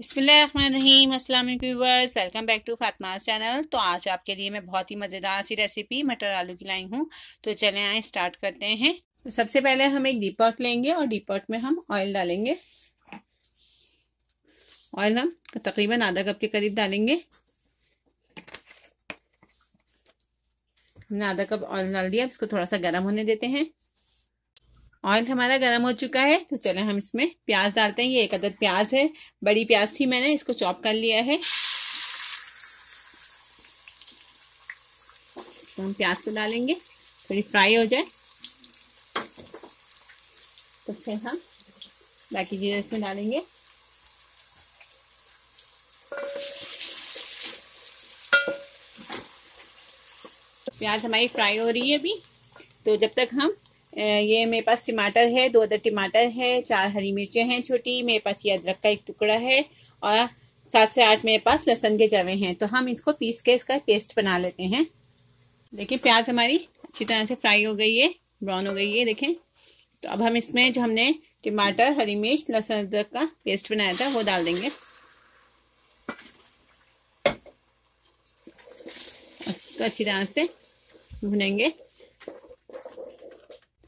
बसमीम अस्सलाम welcome back to Fatma's channel तो आज आपके लिए मैं बहुत ही मज़ेदार सी रेसिपी मटर आलू की लाई हूँ तो चले आए स्टार्ट करते हैं तो सबसे पहले हम एक डीपॉट लेंगे और डीपॉट में हम ऑयल डालेंगे ऑयल हम तकरीबन आधा कप के करीब डालेंगे हमने आधा कप ऑयल डाल दिया इसको थोड़ा सा गर्म होने देते हैं ऑयल हमारा गर्म हो चुका है तो चले हम इसमें प्याज डालते हैं ये एक अदद प्याज है बड़ी प्याज थी मैंने इसको चॉप कर लिया है तो हम प्याज को डालेंगे थोड़ी फ्राई हो जाए तो फिर हम बाकी चीज़ें इसमें डालेंगे प्याज हमारी फ्राई हो रही है अभी तो जब तक हम ये मेरे पास टमाटर है दो अदर टमाटर है चार हरी मिर्चें हैं छोटी मेरे पास ये अदरक का एक टुकड़ा है और सात से आठ मेरे पास लहसन के जवे हैं तो हम इसको पीस के इसका पेस्ट बना लेते हैं देखिए प्याज हमारी अच्छी तरह से फ्राई हो गई है ब्राउन हो गई है देखें तो अब हम इसमें जो हमने टमाटर हरी मिर्च लहसुन अदरक का पेस्ट बनाया था वो डाल देंगे अच्छी तरह से भुनेंगे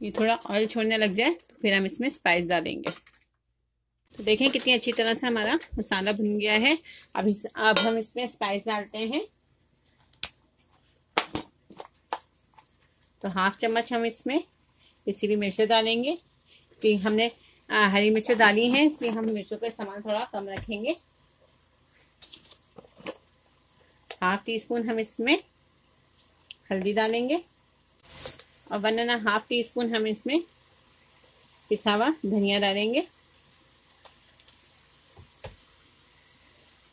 ये थोड़ा ऑयल छोड़ने लग जाए तो फिर हम इसमें स्पाइस डालेंगे तो देखें कितनी अच्छी तरह से हमारा मसाला भुन गया है अब इस अब हम इसमें स्पाइस डालते हैं तो हाफ चम्मच हम इसमें किसी भी मिर्चें डालेंगे फिर हमने आ, हरी मिर्चें डाली हैं इसलिए हम मिर्चों का इस्तेमाल थोड़ा कम रखेंगे हाफ टी स्पून हम इसमें हल्दी डालेंगे और one and half teaspoon हम इसमें पिसा हुआ धनिया डालेंगे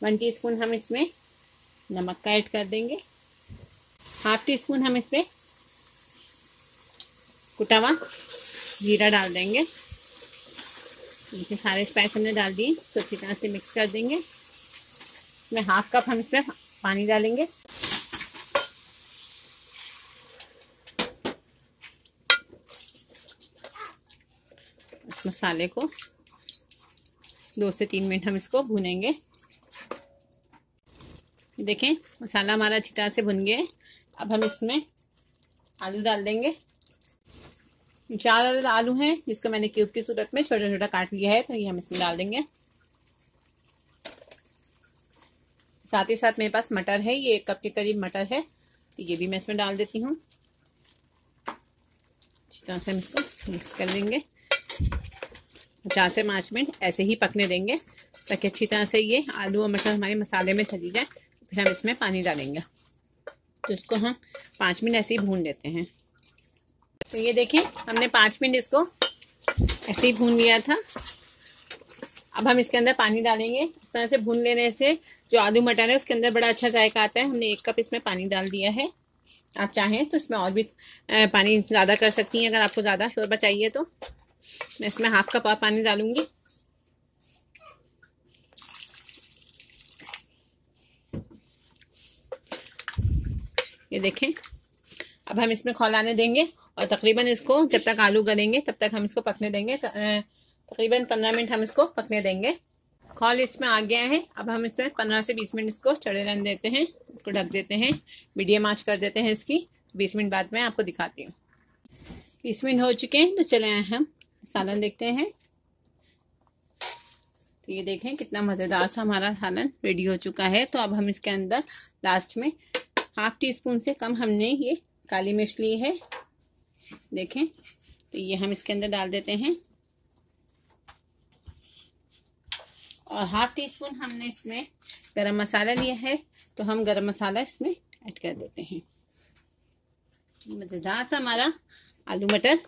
वन टी स्पून हम इसमें नमक का ऐड कर देंगे हाफ टी स्पून हम इसमें कुटा हुआ जीरा डाल देंगे इसे सारे स्पाइस हमने डाल दिए तो अच्छी तरह से मिक्स कर देंगे इसमें हाफ कप हम इसमें पानी डालेंगे मसाले को दो से तीन मिनट हम इसको भुनेंगे देखें मसाला हमारा अच्छी तरह से भुन गया अब हम इसमें आलू डाल देंगे चार अदद आलू हैं जिसको मैंने क्यूब की सूरत में छोटा छोटा काट लिया है तो ये हम इसमें डाल देंगे साथ ही साथ मेरे पास मटर है ये एक कप के करीब मटर है तो ये भी मैं इसमें डाल देती हूँ अच्छी तरह से हम इसको मिक्स कर लेंगे चार से पाँच मिनट ऐसे ही पकने देंगे ताकि अच्छी तरह से ये आलू और मटर हमारे मसाले में चली जाए फिर हम इसमें पानी डालेंगे तो इसको हम पाँच मिनट ऐसे ही भून लेते हैं तो ये देखें हमने पाँच मिनट इसको ऐसे ही भून लिया था अब हम इसके अंदर पानी डालेंगे इस तरह से भून लेने से जो आलू मटर है उसके अंदर बड़ा अच्छा जायका आता है हमने एक कप इसमें पानी डाल दिया है आप चाहें तो इसमें और भी पानी ज़्यादा कर सकती हैं अगर आपको ज़्यादा शोरबा चाहिए तो मैं इसमें हाफ कप और पानी डालूंगी ये देखें अब हम इसमें खौलाने देंगे और तकरीबन इसको जब तक आलू गलेंगे तब तक हम इसको पकने देंगे तकरीबन पंद्रह मिनट हम इसको पकने देंगे खौल इसमें आ गया है अब हम इसमें पंद्रह से बीस मिनट इसको चढ़े रहने देते हैं इसको ढक देते हैं मीडियम आँच कर देते हैं इसकी बीस मिनट बाद में आपको दिखाती हूँ बीस मिनट हो चुके हैं तो चले आए हम सालन देखते हैं तो ये देखें कितना मज़ेदार सा हमारा सालन रेडी हो चुका है तो अब हम इसके अंदर लास्ट में हाफ टी स्पून से कम हमने ये काली मिर्च ली है देखें तो ये हम इसके अंदर डाल देते हैं और हाफ टी स्पून हमने इसमें गरम मसाला लिया है तो हम गरम मसाला इसमें ऐड कर देते हैं मज़ेदार सा हमारा आलू मटर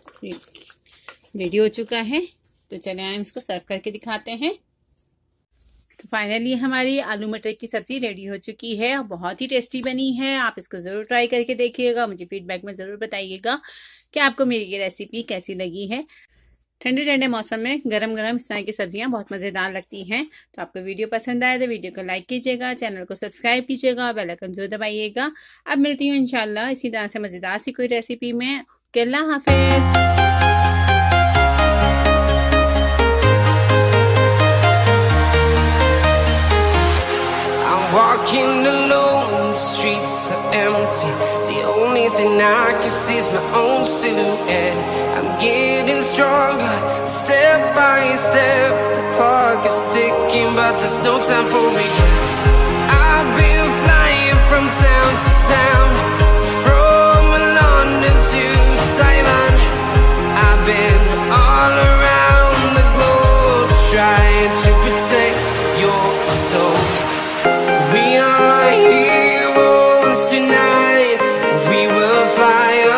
रेडी हो चुका है तो चले हम इसको सर्व करके दिखाते हैं तो फाइनली हमारी आलू मटर की सब्जी रेडी हो चुकी है बहुत ही टेस्टी बनी है आप इसको ज़रूर ट्राई करके देखिएगा मुझे फीडबैक में ज़रूर बताइएगा कि आपको मेरी ये रेसिपी कैसी लगी है ठंडे ठंडे मौसम में गरम गरम इस तरह की सब्जियां बहुत मज़ेदार लगती हैं तो आपको वीडियो पसंद आए तो वीडियो को लाइक कीजिएगा चैनल को सब्सक्राइब कीजिएगा और बेलकन जरूर दबाइएगा अब मिलती हूँ इनशाला इसी तरह से मज़ेदार सी कोई रेसिपी में केल्ला हाफिज़ Walking alone, the streets are empty. The only thing I can see is my own silhouette. I'm getting stronger, step by step. The clock is ticking, but there's no time for regrets. I've been flying from town to town. fly